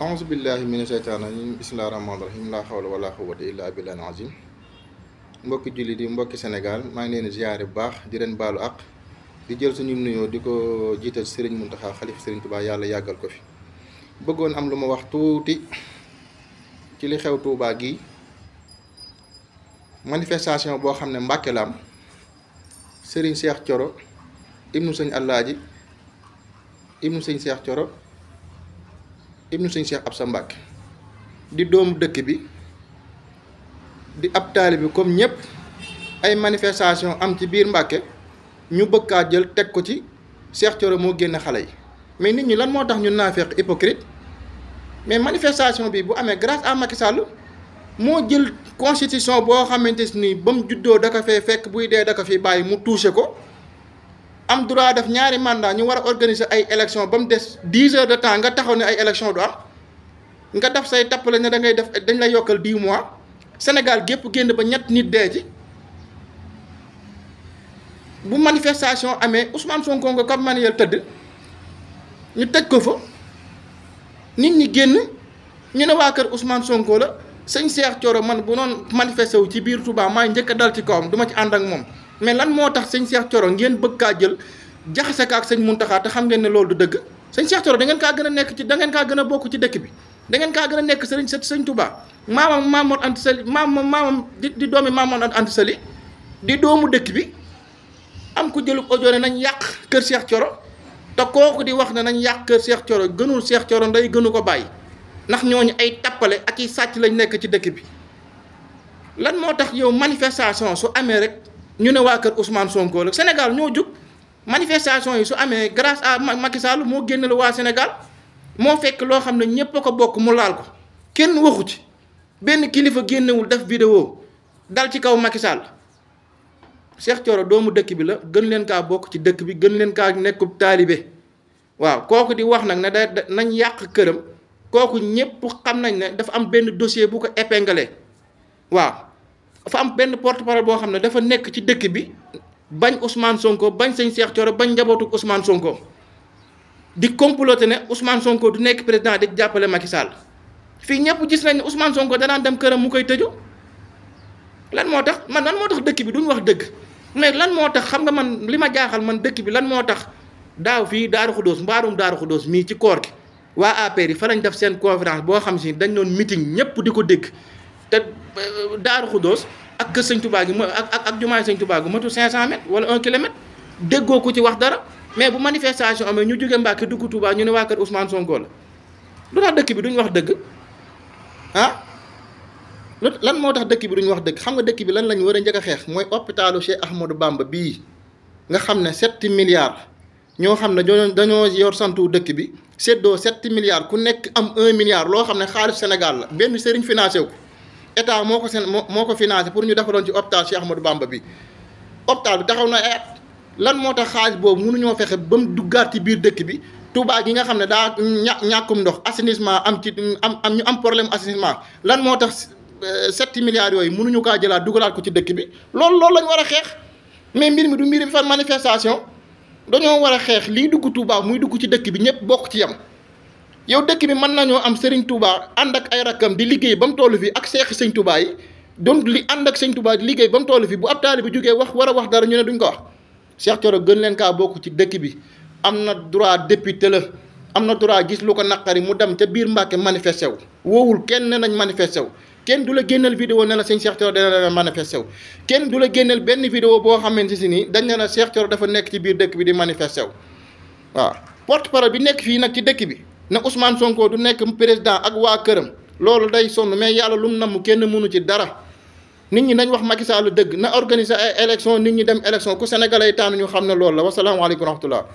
aouzu billahi mina sheytaan rajim bismillahi rahmaani rahim laa xawla wala quwwata illa billahi azim mbokki jullit yi mbokki Sénégal maa ngi leen bu baax di leen baalu àq di jël ñu nuyoo di ko jiital Serigne Mountakha xalif Serigne Touba yàlla yàggal ko fi bëggoon am lu ma wax tuuti ci li xew Touba gi manifestation boo xam ne Mbàkke la am Serigne Cheikh Thioro ibnu sëñ Allaaji ibnu sëñ Cheikh Thioro ibnu sëñ Cheikh sa Mbacke di doomu dëkk bi di ab taalibe bi comme ñëpp ay manifestation am ci biir Mbacke ñu bëgg kaa jël teg ko ci Cheikh Thioro moo génn xale yi mais nit ñi lan moo tax ñu naafeq hypocrite mais manifestation bi bu amee grâce à Macky Sall moo jël constitution boo xamante ni ba mu juddoo da ko fee fekk buy dee da ko fi bàyyi mu touché ko am droit def ñaari mandat ñu war a organiser ay élection ba mu des dix heures de temps nga taxaw ne ay élection du am nga def say tappale ne dangay ngay def dañ lay yokkal dix mois Sénégal gépp génn ba ñett nit dee ci bu manifestation amee Ousmane Sonko nga comme manuel tëdd ñu tëj ko fa nit ñi génn ñu ne waa kër Ousmane Sonko la sëñ Cheikh Thioro man bu noon manifesté wu ci biir Touba maay njëkk a dal ci kawam du ci ànd ak moom mais lan moo tax sëñ seex Thioro ngeen bëgg kaa jël jaxase ka ak sëñ Mountakha te xam ngeen ne loolu du dëgg sëñ Cheikh Thioro da kaa gën nekk ci da kaa gën a bokk ci dëkk bi da ngeen kaa gën a nekk sëriñ sët sëñ Touba maamam Mamour Anta Sali maamam maamam di di doomi Mamour Anta Sali di doomu dëkk bi am ku jëlub audio nañ yàq kër seex Thioro te kooku di wax ne nañ yàq kër Cheikh Thioro gënul Cheikh Thioro nday gënu ko bàyyi ndax ñooñu ay tappale ak i sàcc lañ nekk ci dëkk bi lan moo tax yow manifestation su amee rek ñu ne waa kër Ousmane Sonko la Sénégal ñoo jug manifestation yi su amee grâce à Macky moo génne la waa Sénégal moo fekk loo xam ne ñépp a ko bokk mu laal ko kenn waxu ci benn kilifa génnewul def vidéo dal ci kaw Macky Sall Cheikh doomu dëkk bi la gën leen kaa bokk ci dëkk bi gën leen kaa nekkub taalibe waaw kooku di wax nag ne da nañ yàq këram kooku ñépp xam nañ ne dafa am benn dossier bu ko épinglé waaw dafa am benn porte boo xam ne dafa nekk ci dëkk bi bañ Ousmane Sonko bañ sëñ Cheikh Thioro bañ njabootu Ousmane Sonko di comploter ne Ousmane Sonko du nekk président di jàppale Macky Sall fii ñëpp gis nañ ne Sonko danaan dem këram mu koy tëju lan moo tax man lan moo tax dëkk bi duñu wax dëgg mais lan moo tax xam nga man li ma jaaxal man dëkk bi lan moo tax daaw fii Daaru Xudóos mbaarum Daaru Xudóos mii ci koor ki waa APR yi fa lañ def seen conférence boo xam si dañ doon meeting ñëpp di ko dégg te euh, Daaru Xuddoos ak kër Sëñ Tuubaa gi ak ak jumaay Sëñ tubaa gi matu 500 mètres wala 1 kilomètre déggoo ko ci wax dara mais bu manifestation amee ñu jóge Mbàkke duggu tubaa ñu ne waa kër Ousmane Sonko la lu tax dëkk bi duñ wax dëgg ah lan moo tax dëkk bi duñ wax dëgg xam nga dëkk bi lan lañ war a njëkk a xeex mooy hôpitalu Cheikh Ahmadou Bamba bii nga xam ne 7 milliards ñoo xam ne dañoo yor santu dëkk bi séddoo 7 milliards ku nekk am 1 milliard loo xam ne xaalis Sénégal la benn sëriñ financé ko état moo ko seen moo ko financé pour ñu defaloon ci hôpital Cheikh Ahmadou Bamba bi hôpital bi taxaw na ay at lan moo tax xaalis boobu mënuñoo fexe ba mu duggaat ci biir dëkk bi Touba yi nga xam ne daa ña ñàkkum ndox assainissement am ci am am ñu am problème assainissement lan moo tax euh, sept milliards yooyu mënuñu kaa jëlaat dugalaat ko ci dëkk bi loolu loolu lañ war a xeex mais mbir mi du mbir bi fan manifestation dañoo war a xeex liy dugg Touba muy dugg ci dëkk bi ñëpp bokk ci yam yow dëkk bi mën nañoo am Serigne Touba ànd ak ay rakkam di liggéey ba mu toll fii ak seexi Sëñ Touba yi donc li ànd ak Sëñ Touba di liggéey ba mu toll fii bu ab taalibe bi jógee wax war a wax dara ñu ne duñ ko wax Cheikh gën leen kaa bokk ci dëkk bi am na droit député la am na droit gis lu ko naqari mu dem ca biir Mbàkke manifesté wu woowul kenn ne nañ manifesté wu kenn du la génneel vidéo ne la sëñ Cheikh Thioro dana la manifesté wu kenn du la génneel benn vidéo boo xamante si nii dañ ne la dafa nekk ci biir dëkk bi di manifesté wu waaw porte bi nekk fii nag ci dëkk bi ne Ousmane Sonko du nekk président ak waa këram loolu day sonn mais yàlla lu mu namm kenn mënu ci dara nit ñi nañ wax Macky Sall dëgg na organiser ay élection nit ñi dem élection ku sénégalais tànn ñu xam ne loolu la wasalaamaaleykum wa rahmatullah